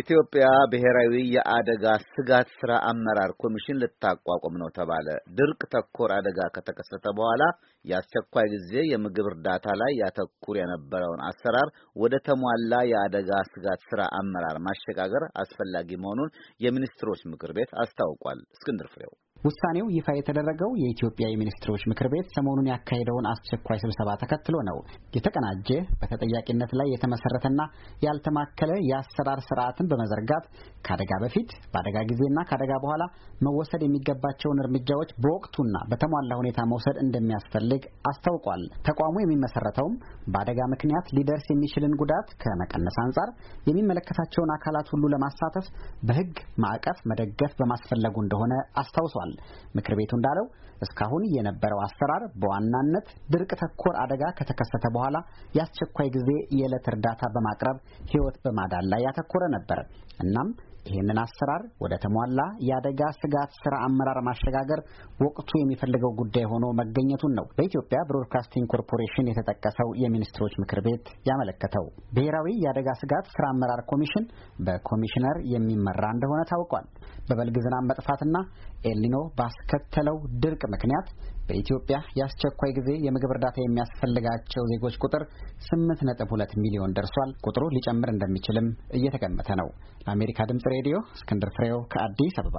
ኢትዮጵያ ብሔራዊ የአደጋ ስጋት ስራ አመራር ኮሚሽን ልታቋቁም ነው ተባለ። ድርቅ ተኮር አደጋ ከተከሰተ በኋላ የአስቸኳይ ጊዜ የምግብ እርዳታ ላይ ያተኩር የነበረውን አሰራር ወደ ተሟላ የአደጋ ስጋት ስራ አመራር ማሸጋገር አስፈላጊ መሆኑን የሚኒስትሮች ምክር ቤት አስታውቋል። እስክንድር ፍሬው ውሳኔው ይፋ የተደረገው የኢትዮጵያ የሚኒስትሮች ምክር ቤት ሰሞኑን ያካሄደውን አስቸኳይ ስብሰባ ተከትሎ ነው። የተቀናጀ በተጠያቂነት ላይ የተመሰረተና ያልተማከለ የአሰራር ስርዓትን በመዘርጋት ከአደጋ በፊት በአደጋ ጊዜና ከአደጋ በኋላ መወሰድ የሚገባቸውን እርምጃዎች በወቅቱና በተሟላ ሁኔታ መውሰድ እንደሚያስፈልግ አስታውቋል። ተቋሙ የሚመሰረተውም በአደጋ ምክንያት ሊደርስ የሚችልን ጉዳት ከመቀነስ አንጻር የሚመለከታቸውን አካላት ሁሉ ለማሳተፍ በሕግ ማዕቀፍ መደገፍ በማስፈለጉ እንደሆነ አስታውሷል። ምክር ቤቱ እንዳለው እስካሁን የነበረው አሰራር በዋናነት ድርቅ ተኮር አደጋ ከተከሰተ በኋላ የአስቸኳይ ጊዜ የዕለት እርዳታ በማቅረብ ሕይወት በማዳን ላይ ያተኮረ ነበር። እናም ይህንን አሰራር ወደ ተሟላ የአደጋ ስጋት ስራ አመራር ማሸጋገር ወቅቱ የሚፈልገው ጉዳይ ሆኖ መገኘቱን ነው በኢትዮጵያ ብሮድካስቲንግ ኮርፖሬሽን የተጠቀሰው የሚኒስትሮች ምክር ቤት ያመለከተው። ብሔራዊ የአደጋ ስጋት ስራ አመራር ኮሚሽን በኮሚሽነር የሚመራ እንደሆነ ታውቋል። በበልግ ዝናብ መጥፋትና ኤልኒኖ ባስከተለው ድርቅ ምክንያት በኢትዮጵያ የአስቸኳይ ጊዜ የምግብ እርዳታ የሚያስፈልጋቸው ዜጎች ቁጥር 8.2 ሚሊዮን ደርሷል። ቁጥሩ ሊጨምር እንደሚችልም እየተገመተ ነው። ለአሜሪካ ድምጽ ሬዲዮ እስክንድር ፍሬው ከአዲስ አበባ